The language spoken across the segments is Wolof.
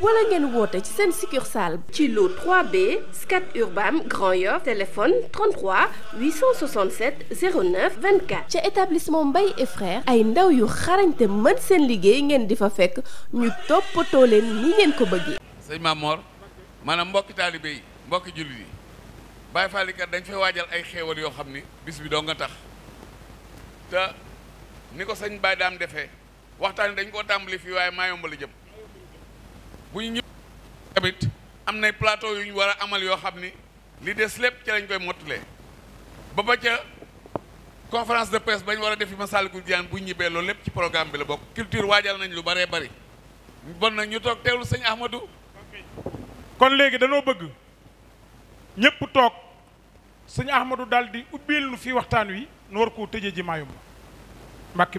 wala ngeen woote ci seen succursale ci lu 3B Scat Urbam Grand Yoff téléphone 33 867 09 24 ca établissement Mbaye et frères ay ndaw yu xarañte mën seen liggéey ngeen di fa fekk ñu toppatoo leen ni ngeen ko bëggee sëñ Maam Mor maanaam mbokki taalibe yi mbokki jullit yi Baye Fallikat dañ fay waajal ay xéewal yoo xam ni bis bi doo nga tax te ni ko sëñ Baye Daam defee waxtaan dañ koo tàmbali fii waaye maa yombali jëm bu ñu ñëw tamit am nay plateau yu ñu war a amal yoo xam ni li des lépp ci lañ koy mottalee ba ba ca conférence de presse bañ war a def yi Masaalikul Jinaan bu ñibbee lool lépp ci programme bi la bokk culture waajal nañ lu bare bari bon na ñu toog teewlu sëñ Ahmadou kon léegi danoo bëgg ñëpp toog sëñ Ahmadou daal di ubbil nu fii waxtaan wi nu war koo tëjee ji maayum Mbàkke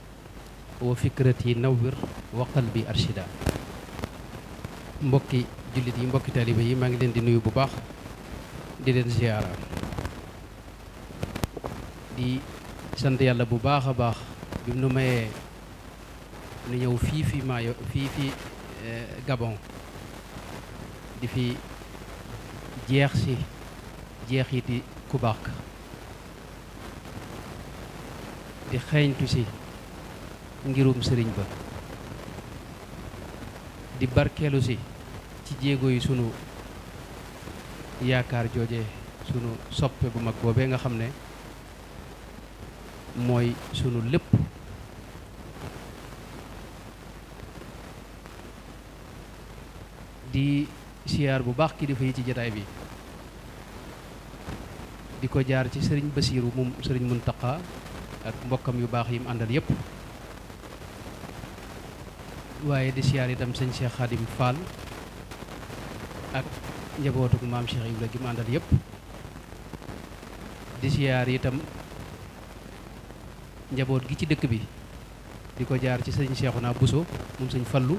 wa fikrati nawwir wa qalbi arshida mbokki jullit yi mbokki taaliba yi maa ngi leen di nuyu bu baax di leen ziyaara di sant yàlla bu baax a baax bi nu mayee nu ñëw fii fi maayo fii fi eh, Gabon di fi jeex si jeex yi di ku di xeeñtu si ngirum sëriñ ba di barkeelu si ci jéego yi sunu yaakaar jooje sunu soppe bu mag boobee nga xam ne mooy sunu lépp di siyaar bu baax kilifa yi ci jataay bi di ko jaar ci sëriñ Basiiru moom sëriñ Muntaqa ak mbokkam yu baax yi mu àndal yépp waaye di siyaar itam sëñ Cheikh Khadim Fall ak njabootuk maam Cheikh Ibra gi mu àndal yëpp di siyaar itam njaboot gi ci dëkk bi di ko jaar ci sëñ naa Bousso moom sëñ Fallu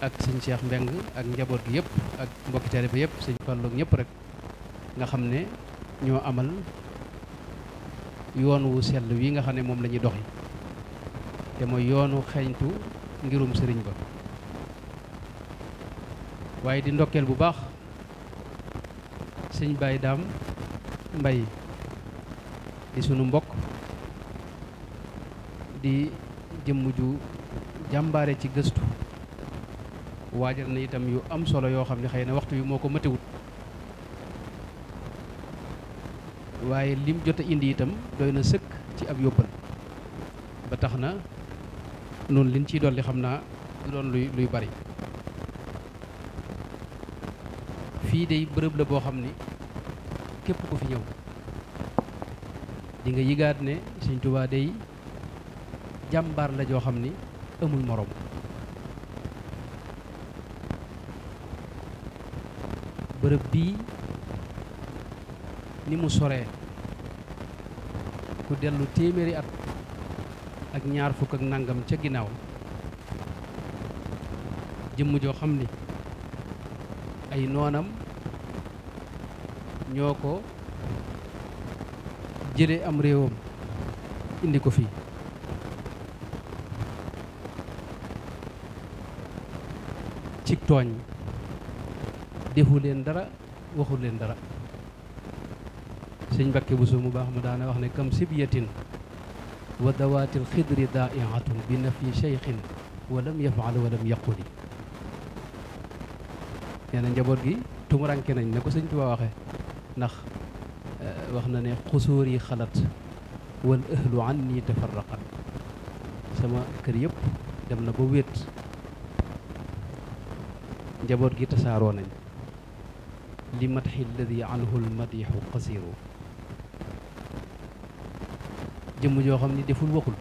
ak sëñ Cheikh Mbeng ak njaboot gi yëpp ak mbokki bi yëpp sëñ Fallu ñëpp rek nga xam ne ñoo amal yoon wu sell wi nga xam ne moom lañuy ñuy doxi te mooy yoonu xeeñtu ngirum sëriñ ba waaye di ndokkeel bu baax sëñ Baye Dame Mbaye di sunu mbokk di jëmm ju jàmbaare ci gëstu waajal na itam yu am solo yoo xam ne xëy na waxtu wi moo ko matewut waaye lim jot indi itam doy na sëkk ci ab yóbbal ba tax na noonu lin ciy doon dolli xam naa du doon luy luy bari fii day bërëb la boo xam ni képp ku fi ñëw dinga nga yëgaat ne Sëñ Tuubaa day jàmbaar la joo xam ni amul moroom bërëb bii ni mu soree ku dellu téeméeri at ak ñaar fukk ak nangam ca ginnaaw jëmm joo xam ni ay noonam ñoo ko jële am réewam indi ko fii ci tooñ defu leen dara waxu leen dara sëñ bu Buso mu baax mu daana wax ne kam sib wa dawaati alxidri daa'ihatun bi nafi cheykhin wa lam yafal wa lam yaquli nee na njaboot gi tumuranke nañ ne ko sëñ Tuubaa waxe ndax eh, wax na ne xusuur yi xalat wal ahlu an nii sama kër yëpp dem na ba wéet njaboot gi tasaaroo nañ li matxi alladi anhu almadixu qasiru jëmm joo xam ni deful waxul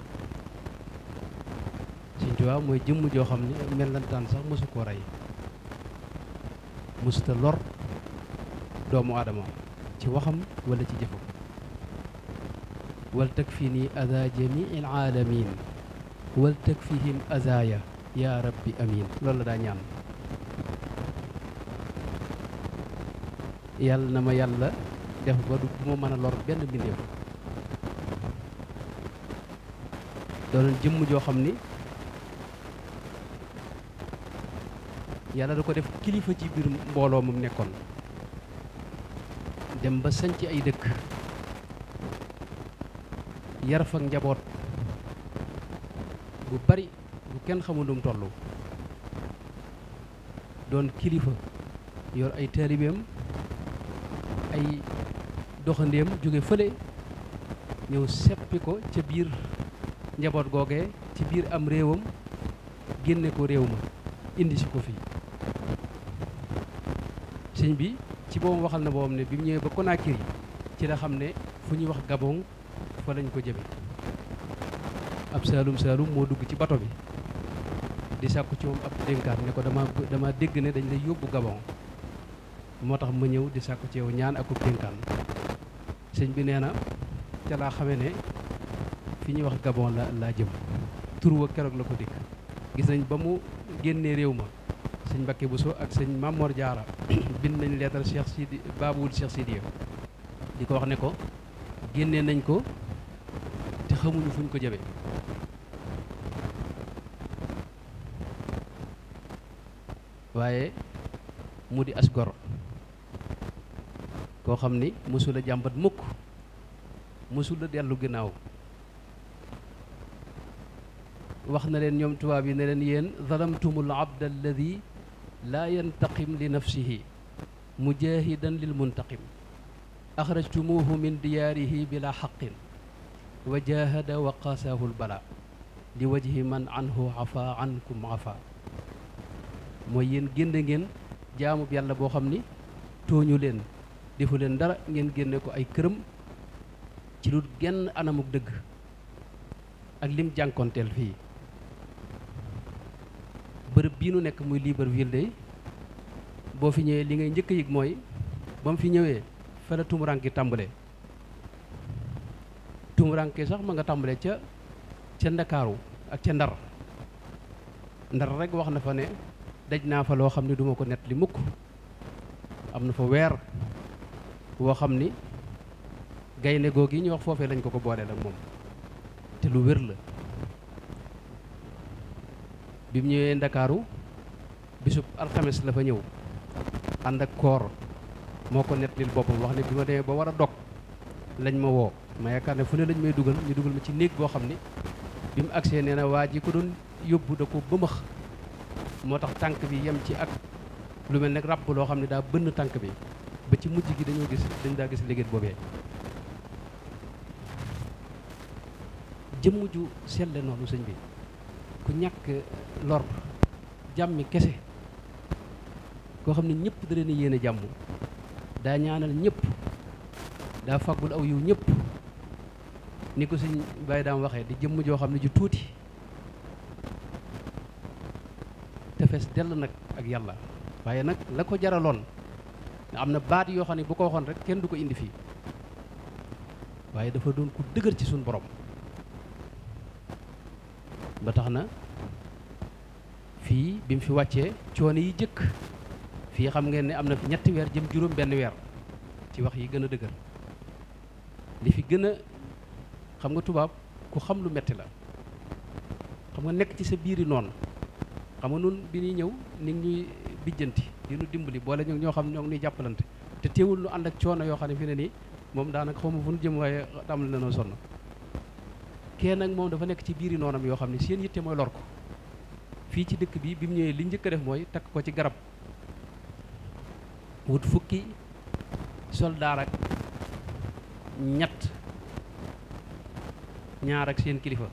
Sëñ Tuubaa mooy jëmm joo xam ne mellantaan sax mosu koo rey mosuta lor doomu aadama ci waxam walla ci jëfam wal takfini aza jamii alaalamin wal takfihim azaya yaa rabbi amin loolu la daa ñaan yàlla na ma yàlla def ba du ma mën a lor benn mbindeef doonoon jëmm joo xam ni yàlla da ko def kilifa ci biir mbooloo mu nekkoon dem ba sanc ay dëkk yar fa njaboot bu bari bu kenn xamul nu mu doon kilifa yor ay taalibeem ay doxandeem jóge fële ñëw seppi ko ca biir njaboot googee ci biir am réewam génne ko réew ma indi si ko fii sëñ bi ci boobu waxal na boobam ne bi ñëwee ba Conakry ci la xam ne fu ñuy wax Gabon fa lañ ko jëme ab saalum saalum moo dugg ci bato bi di sàkku ci moom ab dénkaat ne ko dama dama dégg ne dañ lay yóbbu Gabon moo tax ma ñëw di sàkku ci yow ñaan ak dénkaan sëñ bi nee na ca laa xamee ne fi ñuy wax Gabon la laa jëm tur keroog la ko dikk gis nañ ba mu génnee réew ma sëñ Mbakke Bousso ak sëñ Mamor Diarra bind nañ leetar Cheikh Sidi Baabul Cheikh Sidiya di ko wax ne ko génnee nañ ko te xamuñu fuñ ko jëmee waaye mu di as gor koo xam ni mësula jàmbat mukk mësula dellu ginnaaw wax na leen ñoom tubaab yi ne leen yéen zalamtumul abd alladi laa yantaqim li nafsihi mujahidan lil muntaqim axrajtumuuhu min diyaarihi bila xaqin wa jahada wa qasaahu lbala li wajhi man anhu afa ankum afa mooy yéen génne ngeen jaamub yàlla boo xam ni tooñu leen defu leen dara ngeen génne ko ay këram ci lu genn anamuk dëgg ak lim jànkonteel fii bii nekk muy Libreville de boo fi ñëwee li ngay njëkk a mooy ba mu fi ñëwee fa la tumuranke tàmbalee tumuranke sax ma nga tàmbalee ca ca ndakaaru ak ca ndar ndar rek wax na fa ne daj naa fa loo xam ne duma ko nett li mukk am na fa weer woo xam ni gaynde googu yi ñu wax foofee lañ ko ko boolee ak moom te lu wér la bi mu ñëwee ndakaaru bisub alxames la fa ñëw ànd ak koor moo ko nettalil boppam wax ne bi ma demee ba war a dog lañ ma woo ma yaakaar ne fu ne lañ may dugal ñu dugal ma ci néeg boo xam ne bi mu agsee nee na waa ji ko doon yóbbu da ko bëmëx moo tax tànk bi yem ci ak lu mel nag ràbb loo xam ne daa bënn tànk bi ba ci mujj gi dañoo gis dañ daa gis léegi boobee jëmm ju selle noonu sëñ bi ku ñàkk lor jàmmi kese koo xam ne ñëpp da leen a yéene jàmm daa ñaanal ñépp daa fàggul aw yiw ñëpp ni ko suñ bàyyi daam waxe di jëmm joo xam ne ju tuuti tefes dell nag ak yàlla waaye nag la ko jaraloon nga am na baat yoo xam ne bu ko waxoon rek kenn du ko indi fii waaye dafa doon ku dëgër ci suñu borom ba tax na fii bi mu fi wàccee coono yi jëkk fii xam ngeen ne am na fi ñetti weer jëm juróom benn weer ci wax yi gën a dëgër li fi gën a xam nga tubaab ku xam lu metti la xam nga nekk ci sa biiri noonu xam nga nun bi ñëw ni ngi ñuy di nu dimbali boole ñu ñoo xam ñoo ngi jàppalante te teewul lu ànd ak coono yoo xam ne fi ne nii moom daanaka xaw ma fu nu jëm waaye tàmbali na noo sonn kenn nag moom dafa nekk ci biir biiri noonam yoo xam ne seen yitte mooy lor ko fii ci dëkk bi bi mu ñëwee li njëkk a def mooy takk ko ci garab wut fukki soldaar ak ñett ñaar ak seen kilifa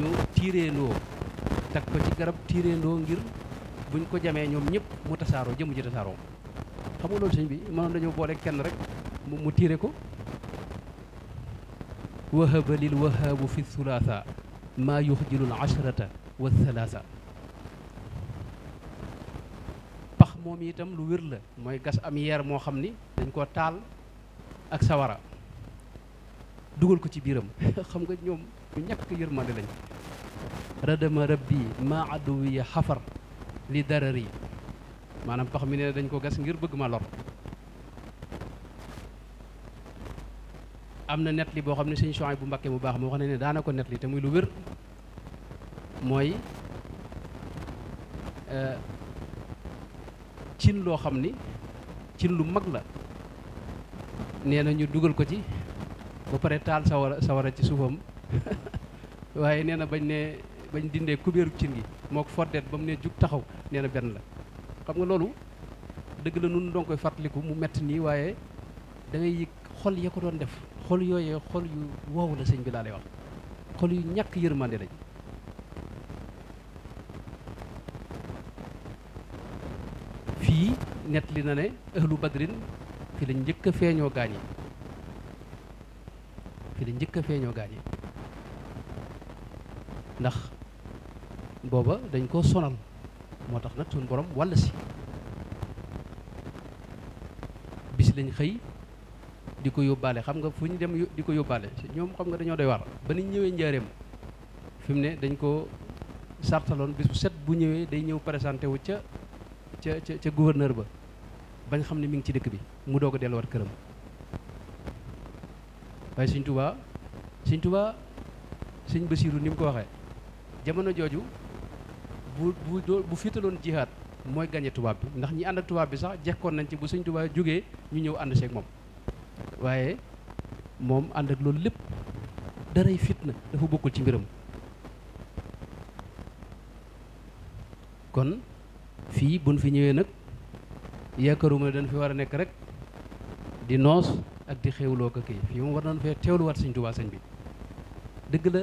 ñu tiireendoo teg ko ci garab tiireendoo ngir buñ ko jamee ñoom ñëpp mu tasaaroo jëmu ji tasaaroo xam nga loolu sëñ bi mënoon dañoo boole kenn rek mu mu tiire ko wahaba lil wahaabu fi thulaatha maa yuxjilul ashrata wa thalaatha moom tam lu wér la mooy gas am yeer moo xam ni dañ koo taal ak sawara dugal ko ci biiram xam nga ñoom ñu ñàkk yërmande lañ radama rabbi ma aduwiya xafar li darari maanaam pax mi ne dañ ko gas ngir bëgg ma lor am na net boo xam ne sëñ Suwaybu bu Mbakke mu baax moo xam ne ne daana ko te muy lu wér mooy euh, cin loo xam ni cin lu mag la nee na ñu dugal ko ci ba pare taal sawara sawara ci suufam waaye nee na bañ ne bañ dindee kubéeru cin gi moo ko ba mu ne jug taxaw nee na benn la xam nga loolu dëgg la nun doon koy fàttaliku mu metti nii waaye dangay yëg xol ya ko doon def xol yooyee xol yu woowu la sëñ bi laa lay wax xol yu ñàkk yërmande lañ nett li na ne ahlu badrin fi lañ njëkk a feeñoo gaañ yi fi njëkk a feeñoo gaañ ndax booba dañ koo sonal moo tax nag suñu boroom walla si bis lañ xëy di ko yóbbaale xam nga fu ñu dem di ko yóbbaale ñoom xam nga dañoo doy war ba ni ñëwee njaareem fi mu ne dañ ko sartaloon bisu set bu ñëwee day ñëw présenté wu ca ca ca gouverneur ba bañ xam ne mi ngi ci dëkk bi mu doo ko delluwaat këram waaye sëñ Tuubaa sëñ Tuubaa sëñ Basiiru ni mu ko waxee jamono jooju bu bu bu féetaloon jihaat mooy gañe tubaab bi ndax ñi ànd ak tubaab bi sax jekkoon nañ ci bu sëñ Tuubaa jóge ñu ñëw ànd seeg moom waaye moom ànd ak loolu lépp daray na dafa bokkul ci mbiram kon fii buñ fi ñëwee nag yaakaaruma ne dañ fi war a nekk rek di noos ak di xéwloo ko kii fii moom war nañu fee wat sëñ Tuubaa sañ bi dëgg la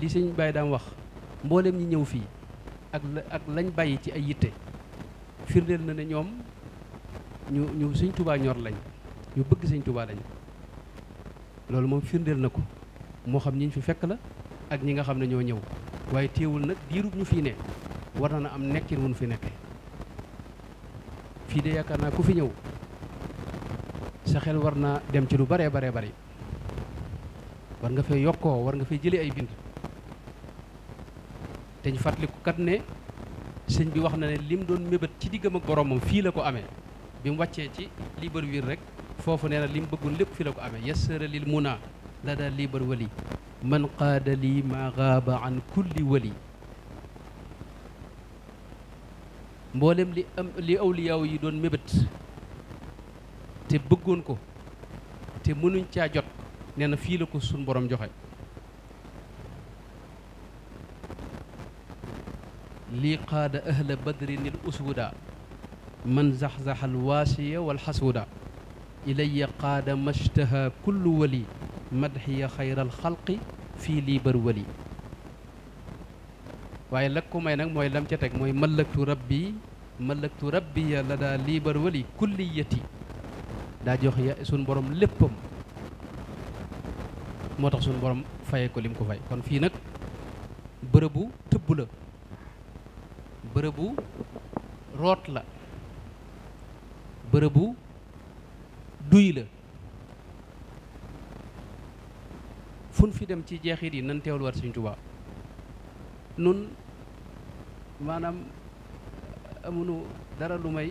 li sëñ Baye daam wax mbooleem ñi ñëw fii ak la ak lañ bàyyi ci ay yitte firndeel na ne ñoom ñu ñu sëñ ñor lañ ñu bëgg sëñ Tuubaa lañ loolu moom firndeel na ko moo xam ñi ñu fi fekk la ak ñi nga xam ne ñoo ñëw waaye téewul nag diirub ñu fii ne war na am nekkin wu ñu fi nekk fii de yaakaar naa ku fi ñëw sa xel war naa dem ci lu baree bare bari war nga fee yokkoo war nga fee jëlee ay bind te ñu fàttaliku kat ne sëñ bi wax na ne li mu doon mébét ci diggam ak boromam fii la ko amee bi mu wàccee ci liibar Libreville rek foofu nee na lim bëggoon lépp fii la ko ame yassara lil muna la daal libar wali man qaada lii maa gaaba an kulli wali mboolem li am li awliyaaw yi doon mébét te bëggoon ko te mënuñ caa jot nee na fii la ko suñ borom joxe lii qaada ahla badrin il uswuda man zaxzaxa alwaasiya walxasuuda ilaya qaada mashtaha kullu wali madxiya xayra alxalqi fii lii bër wali waaye lag ko may nag mooy lam ca teg mooy mëllëgtu rabbi mëllëgtu rabbi bi la daa liibar wali kulliyati daa jox ya suñ borom léppam moo tax suñ borom faye ko lim ko fay kon fii nag bërëbu tëbb la bërëbu root la bërëbu duy la fun fi dem ci jeexit yi nan teewluwaat Sëñ Tuubaa nun maanaam eh, amunu dara lu may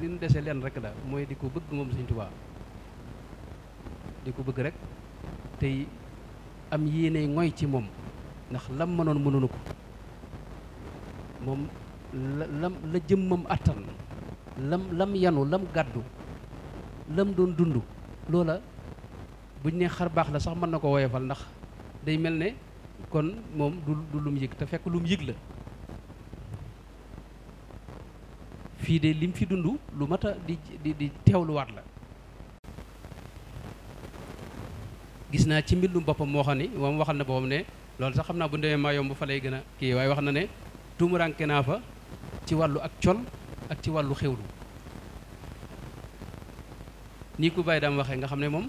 li nu dese leen rek la mooy di ko bëgg moom Sëñ Tuubaa di ko bëgg rek tey am yéene ngoy ci moom ndax lam mënoon mënunu ko moom la lam la jëmmam attan lam lam yanu lam gàddu lam doon dund loola buñ ne xar baax la sax mën na ko woyofal ndax day mel ne kon moom du lu lum yëg te fekk lum yëg la fii de lim fi dund lu mat a di di di teewluwaat la gis naa ci mbindum boppam moo xam ni moom waxal na boppam ne lool sax xam naa bu ndemee maa yomb fa lay gën a kii waaye wax na ne tuumuranke naa fa ci wàllu ak col ak ci wàllu xewlu nii ku bàyyi daam waxee nga xam ne moom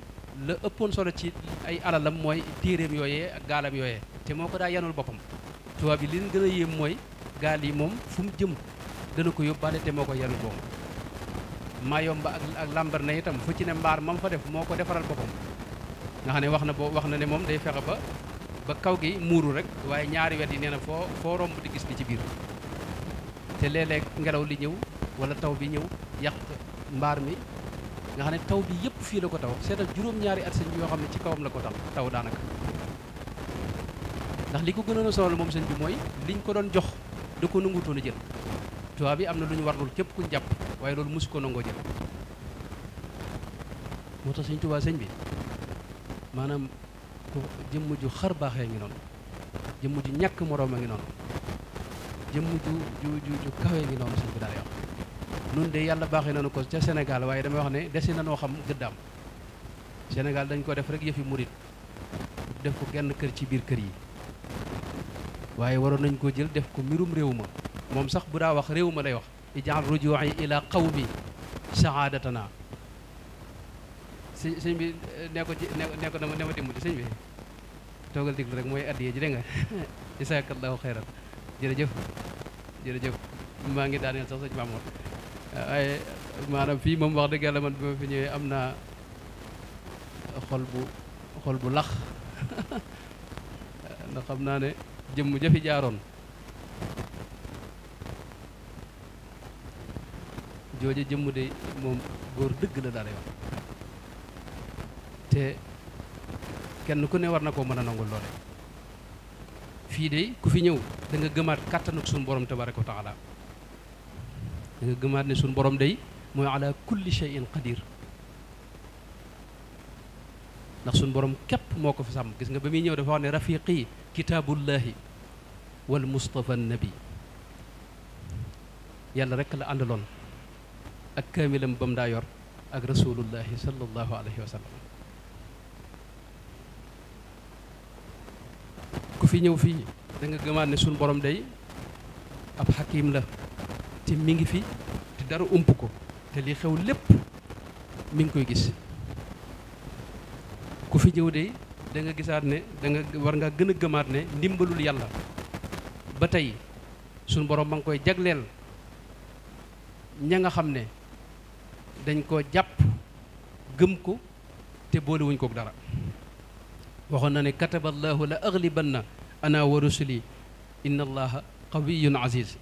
la ëppoon solo ci ay alalam mooy téeréem yooyee ak gaalam yooyee te moo ko daa yanul boppam tubaab yi li leen gën a yéem mooy gaal yi moom fu jëm dana ko yóbbaale te moo ko yanu boom maa yomba ak lambar na itam foo ci ne mbaar mam fa def moo ko defaral boppam nga xam ne wax na boo wax na ne moom day fexe ba ba kaw gi muuru rek waaye ñaari wet yi nee na foo foo romb di gis li ci biir te léeg-léeg ngelaw li ñëw wala taw bi ñëw yàq mbaar mi nga xam ne taw bi yëpp fii la ko taw seetal juróom-ñaari at sëñ yoo xam ne ci kawam la ko taw taw daanaka ndax li ko gënoon a moom sëñ bi mooy liñ ko doon jox da ko nangutoon a tubaab yi am na lu ñu warlul képp kuñ jàpp waaye loolu mosu ko nangoo jël moo tax sëñ tubaa sëñ bi maanaam ku jëmm ju xar baaxee ngi noonu jëmm ju ñàkk moroom a ngi noonu jëm ju ju ju ju ngi noonu sëñ bi daal yoon nun de yàlla baaxee nañu ko ca Sénégal waaye damay wax ne desi na noo xam gëddaam Sénégal dañ ko def rek yëfi murit def ko genn kër ci biir kër yi waaye waroon nañ ko jël def ko mbirum réew ma moom sax bu daa wax réew ma lay wax di ijaal rujuuxi ila qawmi sahaadatana sëñ sëñ bi eh, nee ko ci nee ko dama dama dimbali sëñ bi toogal diglu rek mooy addiyee ji dégg nga isaakallahu xayran jërëjëf jërëjëf maa ngi daaneel sax sëñ Mamour waaye maanaam fii moom wax dëgg yàlla man bi ma fi ñëwee am naa xol bu xol bu lax ndax xam naa ne jëmm jafi jaaroon jooju jëmm de moom góor dëgg la daal wax te kenn ku ne war na koo mën a nangul loole fii de ku fi ñëw danga gëmaat kàttanu suñu borom tabaraka wa taala da nga gëmaat ne suñu borom day mooy ala ndax suñu borom képp moo ko fi sàmm gis nga ba muy ñëw dafa wax ne rafiqi kitaabullahi wal mustafa nabi yàlla rekk la àndaloon ak kaamilam ba daa yor ak rasulullahi sallallahu alayhi wa ku fi ñëw fii danga nga gëmaat ne suñu borom day ab xakim la te mi ngi fi te dara ump ko te li xew lépp mi ngi koy gis ku fi ñëw day danga gisaat ne da war ngaa gën a gëmaat ne ndimbalul yàlla ba tey suñu borom ma ngi koy jagleel ña nga xam ne dañ ko jàpp gëm ko te boolewuñ kook dara waxoon na ne kataba allahu la aglibanna ana wa rusuli inna allaha qawiyun aziz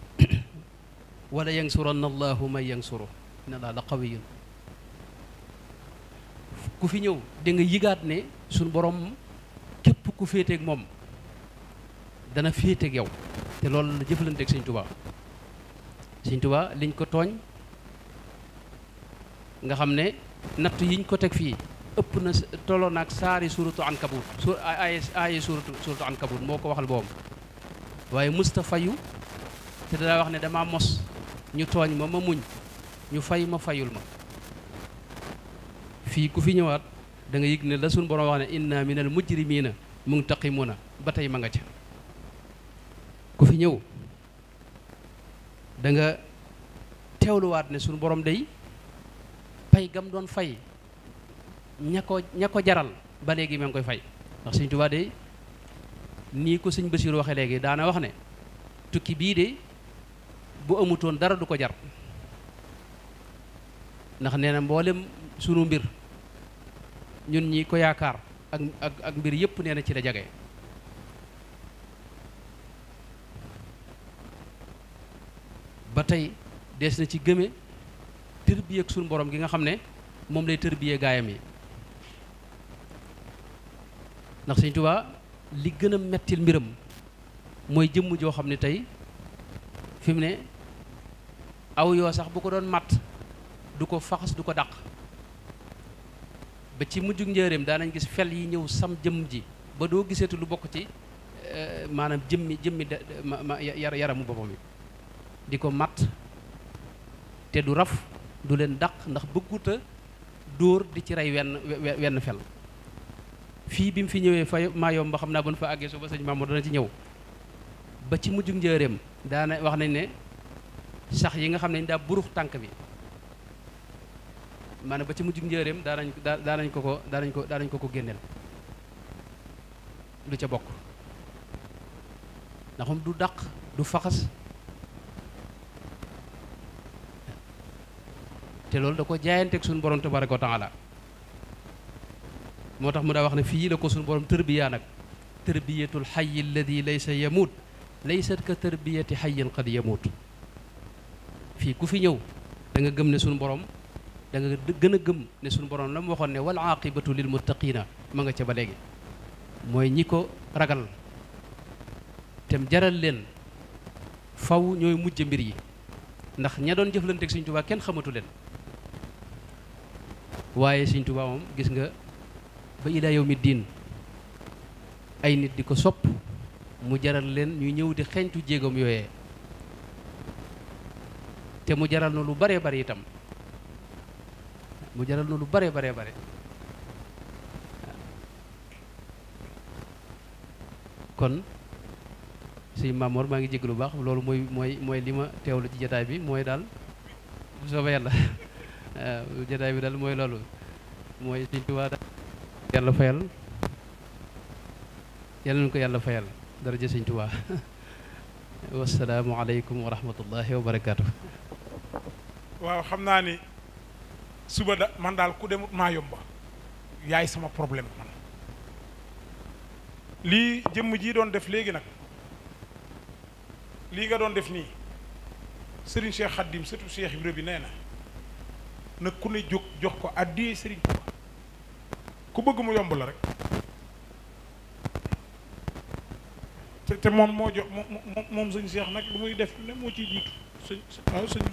wala yansuranna allahu man yansuru inna allaha la qawiyun ku fi ñëw da nga ne suñ boroom képp ku féeteeg moom dana féeteeg yow te loolu la jëflanteeg sëñ tubaa sëñ tubaa liñ ko tooñ nga xam ne natt yiñ ko teg fii ëpp na tolloo naag saari suuratu ankabut ay ay suuratu suuratu ankabut moo ko waxal boom waaye musta fayu te daa wax ne damaa mos ñu tooñ ma ma muñ ñu fay ma fayul ma fii ku fi ñëwaat da nga yëg ne la suñu borom wax ne inna minal mujrimina muntaqimuna ba tey ma nga ca ku fi ñëw da nga teewluwaat ne suñu borom day pay gam doon fay ña ko jaral ba léegi ma ngi koy fay ndax sëñ Tuubaa de nii ko sëñ Basiir waxee léegi daana wax ne tukki bii de bu amutoon dara du ko jar ndax nee na mboolem sunu mbir ñun ñi ko yaakaar ak mbir yépp nee na ci la jage ba tey des na ci gëme tërbiyeeg suñu borom gi nga xam ne moom lay tërbiyee gaayam yi ndax Sëñ Tuubaa li gën a mettil mbiram mooy jëmm joo xam ne tey fi mu ne awyoo sax bu ko doon matt du ko faxas du ko daq ba ci mujjug njëreem daanañ gis fel yi ñëw sam jëmm ji ba doo giseetu lu bokk ci eh, maanaam jëmmi jëmmi yaramu boppam yi di ko matt te du raf du leen dàq ndax bëgguta dóor di ci rey wenn wenn fel fii bi mu fi ñëwee fa maayom ba xam naa bon fa àggee suba sëñ Mamour dana ci ñëw ba ci mujjug njëreem daana wax nañ ne sax yi nga xam ne daa burux tànk bi maanaam ba ci mujjug njëreem daanañ daanañ ko ko daanañ ko daanañ ko ko génneel lu ca bokk ndax moom du dàq du faxas te loolu da ko jaayanteeg suñu borom tabaraka wa taala moo tax mu daa wax ne fii la ko suñu borom tërbiyaa nag tërbiyatul xayi alladi laysa yamuut laysat ka tërbiyati xayin qad yamuut fii ku fi ñëw danga gëm ne suñu borom da a gëm suñu borom la mu waxoon ne wal aaqibatu lil muttaqiina ma nga ca ba léegi mooy ñi ko ragal tem jaral leen faw ñooy mujj mbir yi ndax ña doon jëflante jëflanteeg Sëñ Tuubaa kenn xamatu leen waaye Sëñ Tuubaa moom gis nga ba ilaa yawmi diin ay nit di ko sopp mu jaral leen ñu ñëw di xeñtu jéegam yooyee te mu jaral na lu bare bare itam mu jaral na lu bare bare bare kon sëñ Maamoor maa ngi jégg lu baax loolu mooy mooy mooy li ma teewlu ci jataay bi mooy daal bu soobee yàlla Euh, jotaay bi daal mooy loolu mooy Sëriñ Tuubaa daal yàlla fayal yal nañu ko yàlla fayal daraja Sëriñ Tuubaa wasalaamu aleykum wa rahmatullahi wa barakaatu. waaw xam naa ni suba da man daal ku demut maa yomba yaay sama problème man lii jëmm ji doon def léegi nag lii nga doon def nii Serigne Cheikh Khadim surtout Cheikh Ibra bi nee na nag ku ne jóg jox ko àddiyee sëriñ Tuubaa ku bëgg mu yomb la rek te te moom moo jox moom moom sëñ Seex nag lu muy def ne moo ciy jiitu sëñ waaw sëñ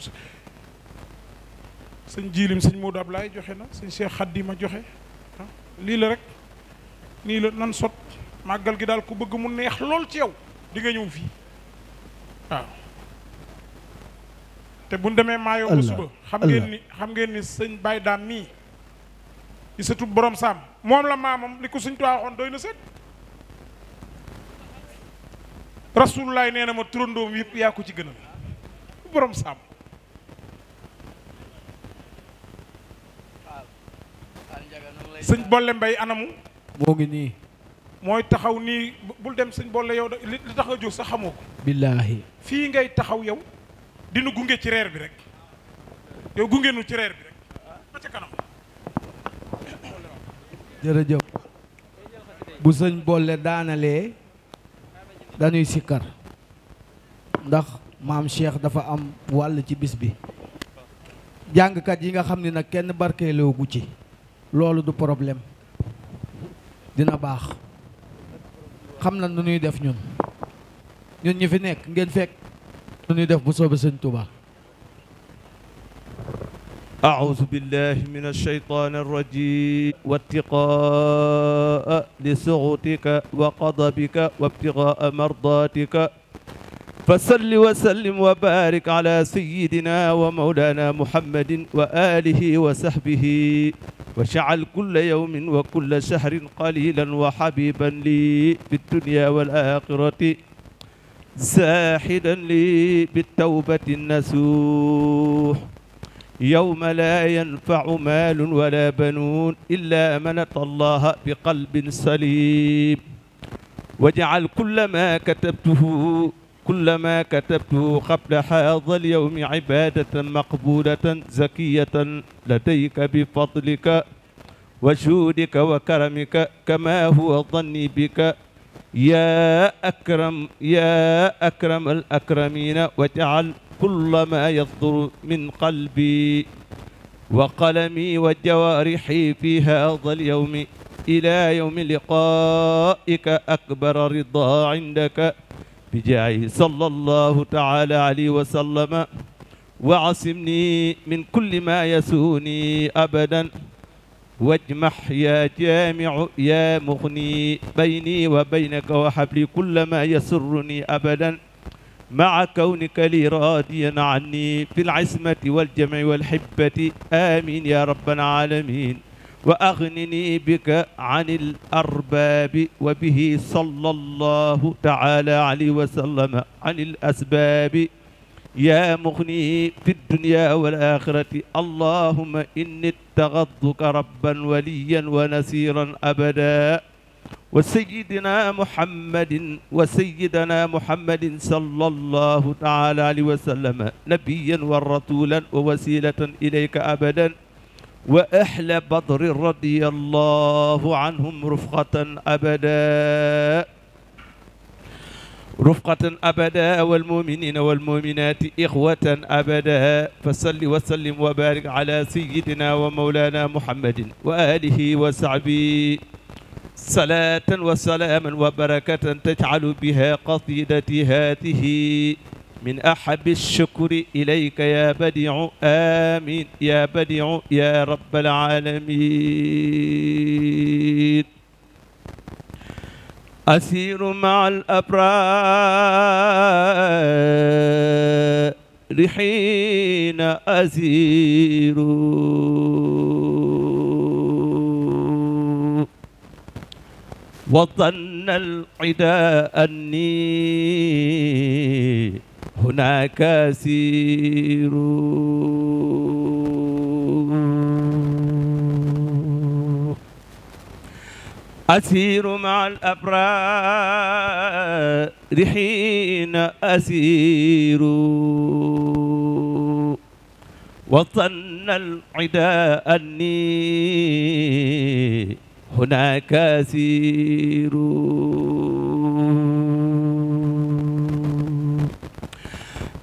sëñ jiilim sëñ Moodu joxe na sëñ Seex ma joxe ah, lii la rek nii la nan sot màggal gi daal ku bëgg mu neex lool ci yow dinga ñëw fii waaw te bu ñu demee Maayomba suba xam ngeen ni xam ngeen ni sëñ Baye Dame mii di sëtu borom saam moom la maamam li ko suñ tuwaa waxoon doy na sët nee na ma turandoom yëpp yaa ko ci gënal borom saam sëñ bolle mbay anamu moo ngi nii mooy taxaw nii bul dem sëñ bolle yow li tax nga jóg sa xamoo ko billaahi fii ngay taxaw yow dina nu gunge ci reer bi rek yow gunge ci reer bi rek ba jërëjëf bu sëñ boole daanalee dañuy sikkar ndax maam Cheikh dafa am wàll ci bis bi jàngkat yi nga xam ni nag kenn barkeeloo gu ci loolu du problème dina baax xam na nu ñuy def ñun ñun ñu fi nekk ngeen fekk lu ñuy def bu soobee sëñ Tuubaa أعوذ بالله من الشيطان الرجيم واتقاء لسخطك وغضبك وابتغاء مرضاتك فصل وسلم وبارك على سيدنا ومولانا محمد وآله وصحبه وشعل كل يوم وكل شهر قليلا وحبيبا لي في الدنيا والآخرة ساحدا لي بالتوبة النسوح يوم لا ينفع مال ولا بنون إلا من أتى الله بقلب سليم واجعل كل ما كتبته كل ما كتبته قبل هذا اليوم عبادة مقبولة زكية لديك بفضلك وجودك وكرمك كما هو ظني بك yaa akram yaa akram al akramiina waj'al kulla maa yasduru min qalbi wa qalami wa jawaarixi fi haadha al yawmi ilaa yawmi liqaa'ika akbara ridaa indaka bijaahi sallallahu ta'aala alayhi wa sallama wa asimni min kulli maa yasuuni abadan واجمح يا جامع يا مغني بيني وبينك وحبلي كل ما يسرني أبدا مع كونك لي راضيا عني في العصمة والجمع والحبة آمين يا رب العالمين وأغنني بك عن الأرباب وبه صلى الله تعالى عليه وسلم عن الأسباب يا مغني في الدنيا والآخرة اللهم إني اتخذتك ربا وليا ونسيرا أبدا وسيدنا محمد وسيدنا محمد صلى الله تعالى عليه وسلم نبيا ورسولا ووسيلة إليك أبدا وأحلى بدر رضي الله عنهم رفقة أبدا رفقة أبدا والمؤمنين والمؤمنات إخوة أبدا فصل وسلم وبارك على سيدنا ومولانا محمد وآله وصحبه صلاة وسلاما وبركة تجعل بها قصيدتي هذه من أحب الشكر إليك يا بديع آمين يا بديع يا رب العالمين أسير مع الأبرار حين أسير وظن العداء أني هناك أسير أسير مع الأبرار حين أسير وظن العداء أني هناك أسير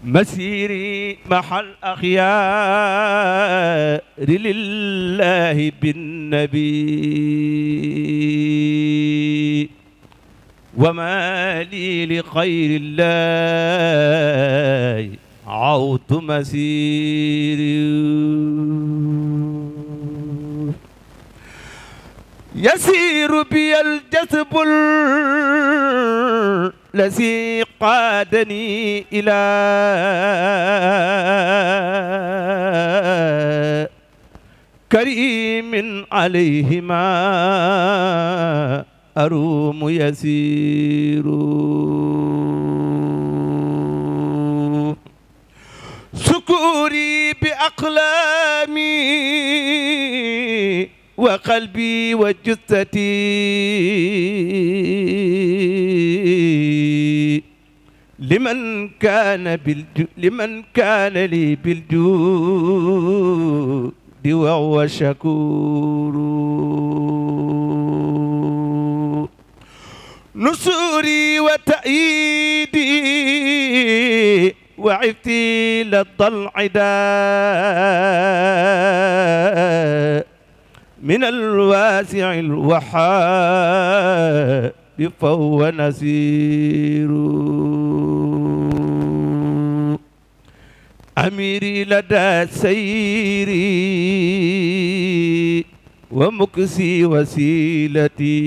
مسيري مع الأخيار لله بالنبي وما لي لخير الله عوت مسيري يسير بي الجسب الذي قادني إلى كريم عليهما أروم يسير سكوري بأقلامي وقلبي وجثتي liman kaana bil liman kaana li bil juudi wa huwa shakuuru nusuuri wa ta'yiidi wa ifti la dal'ida min al waasi'il wahaa bi fawwa nasiru amiri lada sayri wa muksi wasilati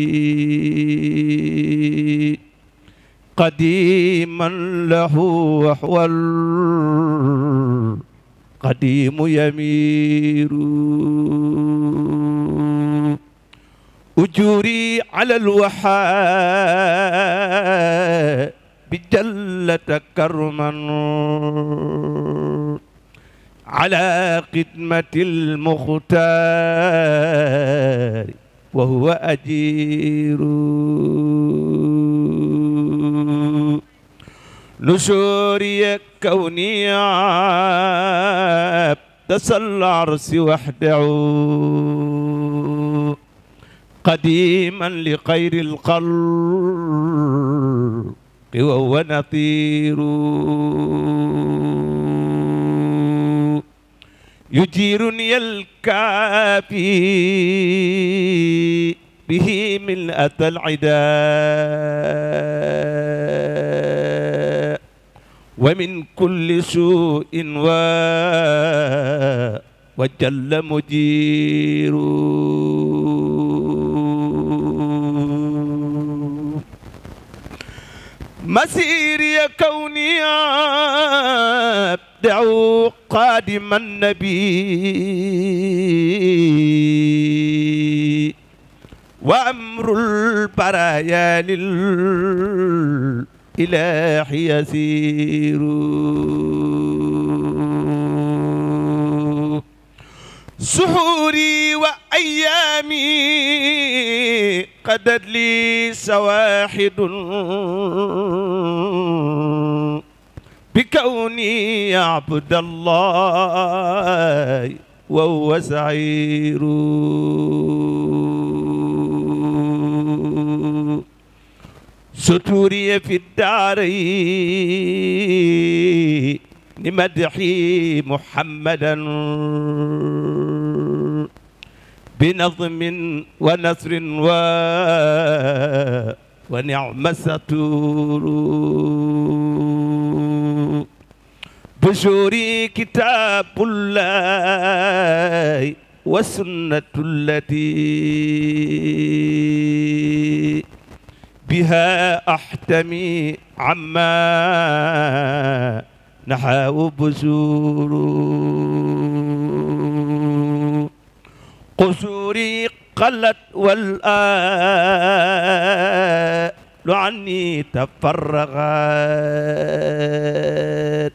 qadiman lahu waxwal qadimu yamiru أجوري على الوحاء بجلة كرما على خدمة المختار وهو أجير نشوري كوني عبد صلى العرس وحده قديما لخير الخلق وهو نطير يجيرني الكافي به ملأة العداء ومن كل سوء وجل مجير مسيري كوني أبدع قادم النبي وأمر البرايا للإله يسير سحوري وأيامي عقدت لي سواحد بكوني عبد الله وهو سعير ستوري في الدار لمدحي محمدا بنظم ونثر و ونعم الستور بشوري كتاب الله والسنة التي بها أحتمي عما نحاو بزور قصوري قلت والآل عني تفرغت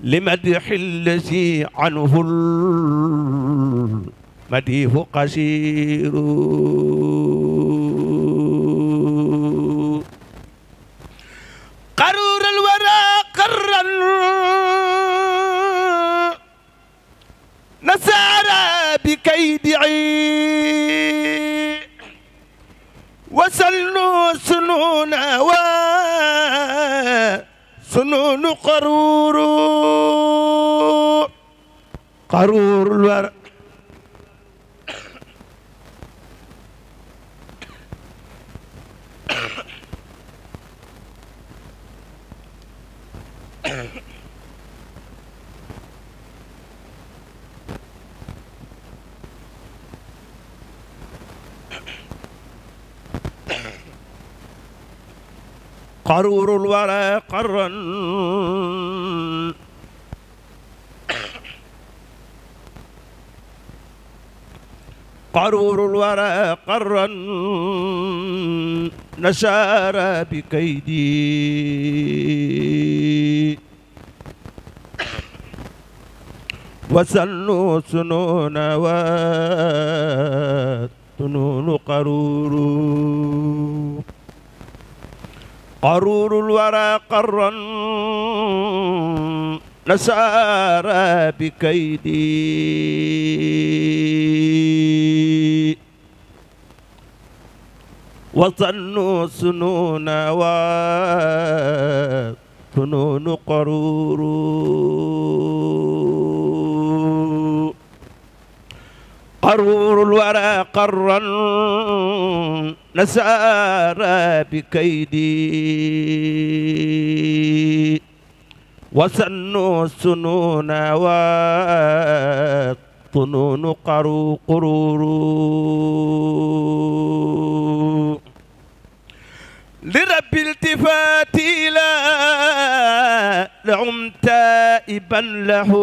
لمدح الذي عنه المديح قصير وحرور الورى قرور الورى قرا معرور الورى قرا نشار بكيدي وسنوا سنون وتنون قرور قرور الورى قرا نسار بكيدي وظنوا سنونا وفنون قرور قرور الورى قرا نسارى بكيدي وسنوا سنونا وفنون قرور لرب التفات إلى لعم تائبا له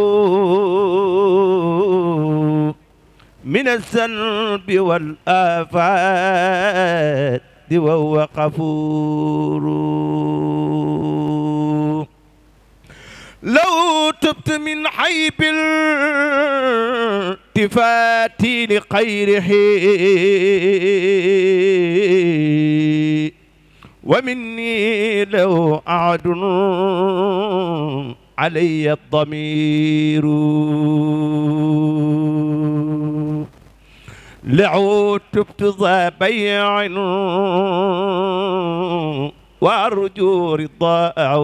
من الذنب والآفات وهو غفور لو تبت من حيب التفات لغيره ومني لو أعد علي الضمير لعدت ابتضى بيع وأرجو رضاء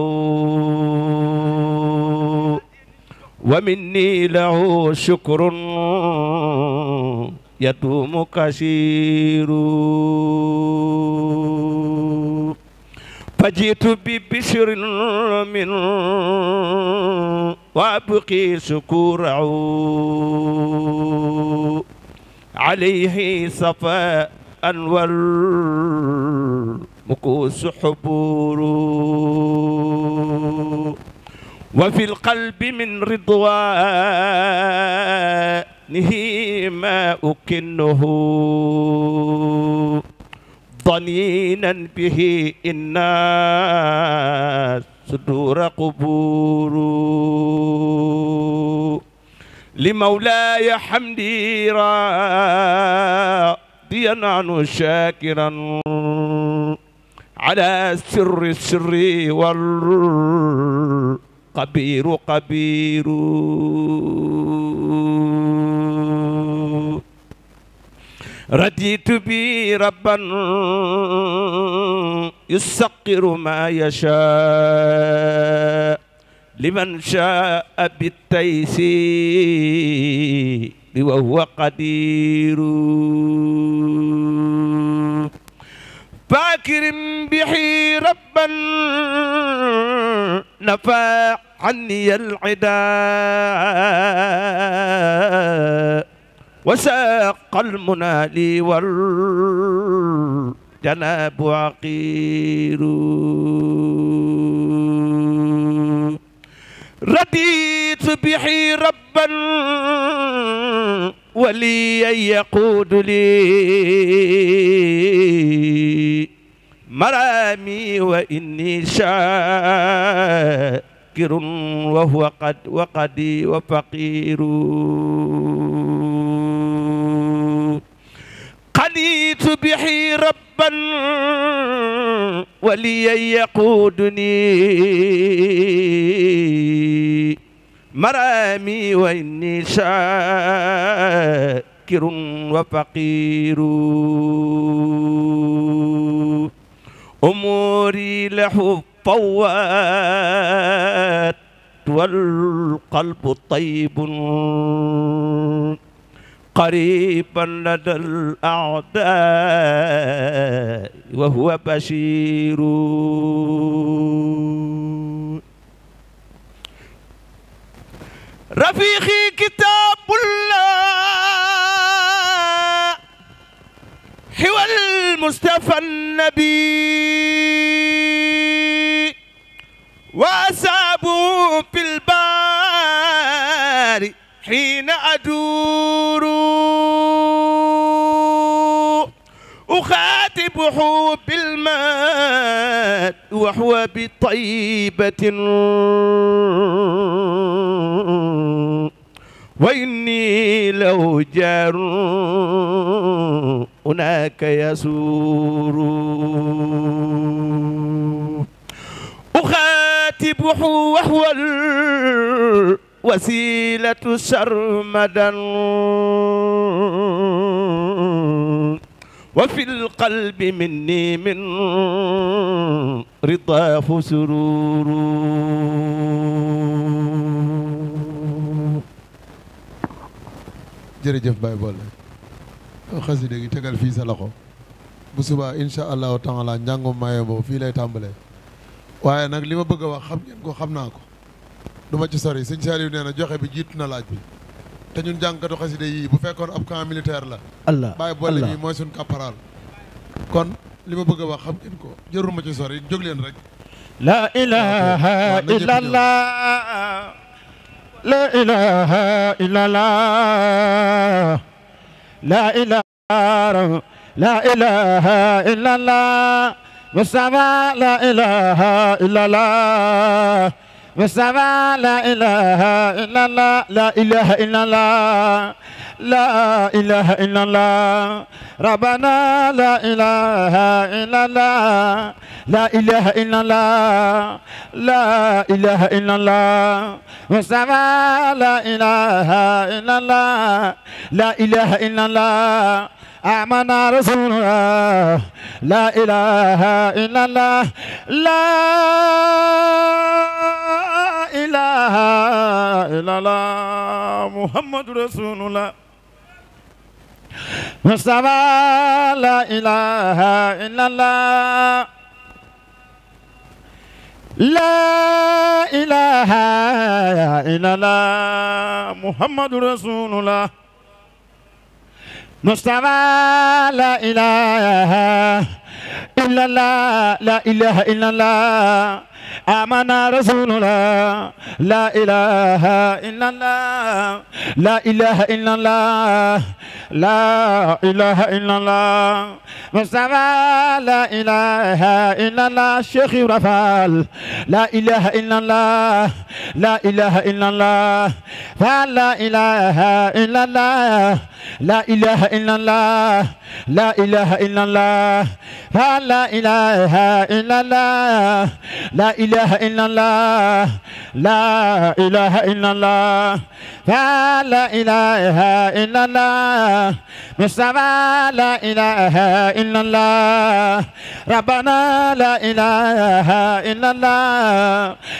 ومني له شكر يدوم كثير فجئت ببشر من وابقي سكوره عليه صفاء والمكوس حبور وفي القلب من رضوانه ما أكنه طنينا به إنا صدور قبور لمولاي حمدي راضيا عنه شاكرا على سر السر والقبير قبير رضيت بي ربا يسقر ما يشاء لمن شاء بالتيسير وهو قدير فاكرم به ربا نفى عني العدا وساق المنى لي والجناب عقير رضيت به ربا وليا يقود لي مرامي وإني شاكر وهو قد وقدي وفقير رضيت به ربا وليا يقودني مرامي وإني شاكر وفقير أموري له طوات والقلب طيب قريبا لدى الأعداء وهو بشير رفيقي كتاب الله هو المصطفى النبي وأصابوا بالبار حين أدور أخاطبه بالماء وهو بطيبة وإني لو جار هناك يسور أخاطبه وهو الوسيلة سرمدا وفي القلب مني من رضاه سرور jërëjëf Baye Bolle xasida gi tegal fii sa loxo bu subaa incha allahu taala njàngum maayo boobu fii lay tàmbalee waaye nag li ma bëgg a wax ngeen ko xam naa ko du ma ci sori sëñ Saliou nee na joxe bi jiit na laaj bi te ñun jàngkatu xaside yii bu fekkoon ab camp militaire la. allah bàyyi boole ñi mooy suñ caporal. kon li ma bëgg a wax xam ngeen ko jërul ma ci sori jóg leen rek. la ilaha illallah la la ilaha la ilaha illallah Mustafa la ilaha illallah مصطفى لا إله إلا الله لا إله إلا الله لا إله إلا الله ربنا لا إله إلا الله لا إله إلا الله لا إله إلا الله مصطفى لا إله إلا الله لا إله إلا الله آمنا رسول الله لا إله إلا الله لا إله إلا الله محمد رسول الله مصطفى لا إله إلا الله لا إله إلا الله محمد رسول الله مصطفى لا إله إلا الله لا إله إلا الله amana rasulullah la ilaha illallah la ilaha illallah la ilaha illallah mustafa la ilaha illallah cheikh Ibra Fall la ilaha illallah la ilaha illallah fa la ilaha illallah la ilaha illallah la ilaha illallah fa la ilaha illallah إله إلا الله لا إله إلا الله فلا إله إلا الله مصطفى لا إله إلا الله ربنا لا إله إلا الله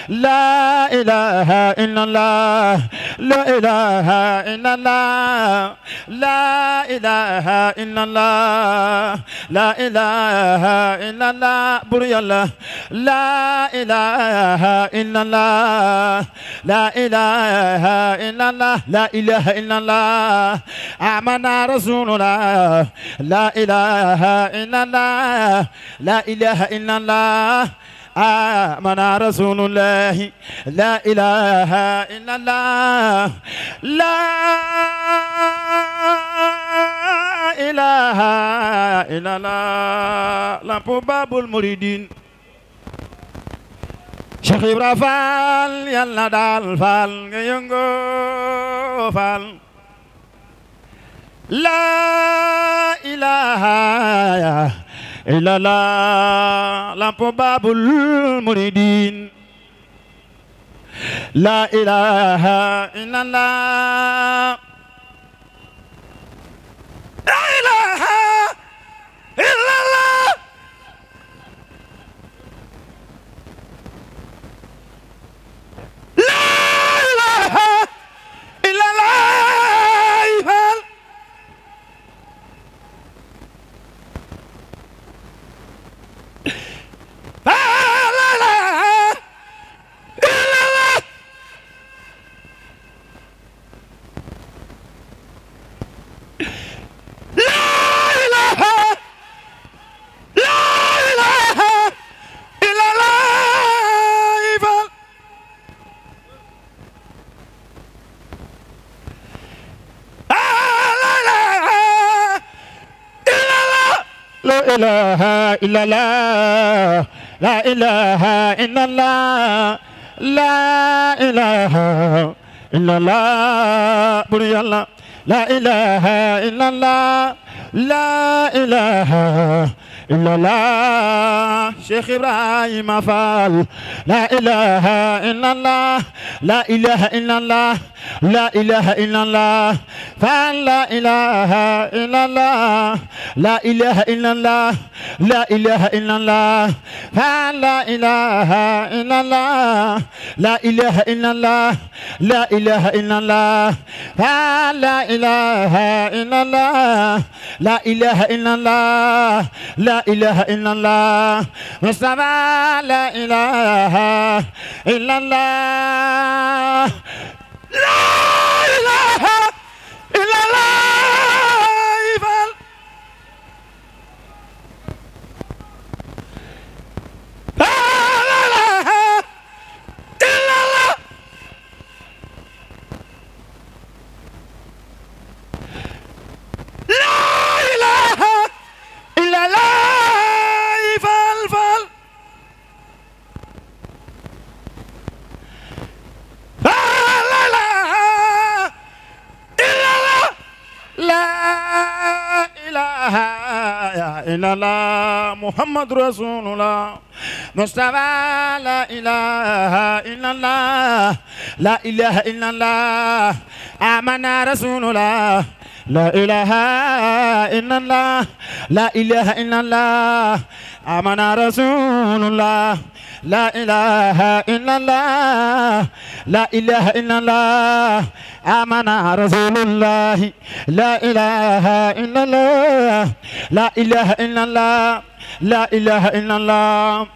لا إله إلا الله لا إله إلا الله لا إله إلا الله لا إله إلا الله بري الله لا إله إله إلا الله لا إله إلا الله لا إله إلا الله آمنا رسول الله لا إله إلا الله لا إله إلا الله آمنا رسول الله لا إله إلا الله لا إله إلا الله لامب باب المريدين Cheikh Ibra Faal yal na daal faal nga yëngo faal laa ilaaha illallah lampo baabul muridiin laa ilaaha illallah laa ilaaha illallah إله إلا الله لا إله إلا الله لا إله إلا الله بري الله لا إله إلا الله لا إله إلا الله شيخ إبراهيم فال لا إله إلا الله لا إله إلا الله لا إله إلا الله فال لا إله إلا الله لا إله إلا الله لا إله إلا الله فال لا إله إلا الله لا إله إلا الله لا إله إلا الله فال لا إله إلا الله لا إله إلا الله لا لا إله إلا الله مصطفى لا إله إلا الله لا إلا الله محمد رسول الله مصطفى لا إله إلا الله لا إله إلا الله آمنا رسول الله لا إله إلا الله لا إله إلا الله آمنا رسول الله لا إله إلا الله لا إله إلا الله آمنا رسول الله لا إله إلا الله لا إله إلا الله لا إله إلا الله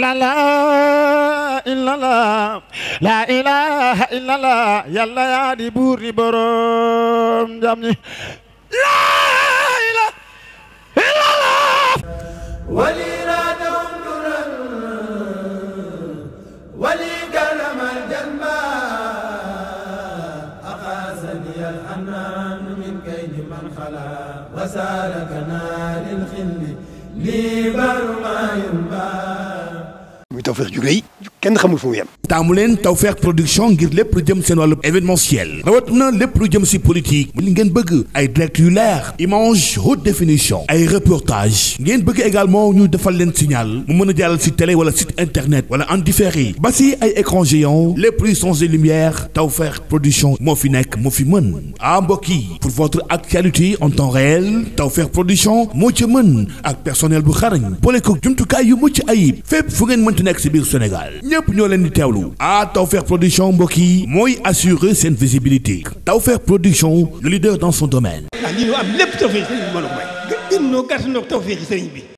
لا لا إلا لا لا إله إلا لا يلا يا ديبور بروم جامني لا إله إلا الله وليرادهم نورا ولي كلم الجنة أخازني الحنان من كيد من خلا وسالك نار الخلد muy Tawfekh ju rëy kenn xamul fu mu yem. taamu leen Tawfekh production ngir lépp lu jëm seen wàllu événementiel rawat na lépp lu jëm si politique li ngeen bëgg ay direct yu leer image haute définition ay reportage ngeen bëgg également ñu defal leen signal mu mën a jàllal si télé wala site internet wala en différé ba si ay écran géant lépp luy son et lumière Tawfekh production moo fi nekk moo fi mën ah mbokk yi pour votre actualité en temps réel Tawfekh production moo ci mën ak personnel bu xarañ boole ko jumtukaay yu mucc ayib fépp fu ngeen mënti nekk si biir Sénégal ñëpp ñoo leen di teewlu ah Tawfekh production mbokk yi mooy assurer seen visibilité Tawfekh production le leader dans son domaine. Ah, am lépp Tawfekh sëriñ bi mën a may. noo gàtt noo bi.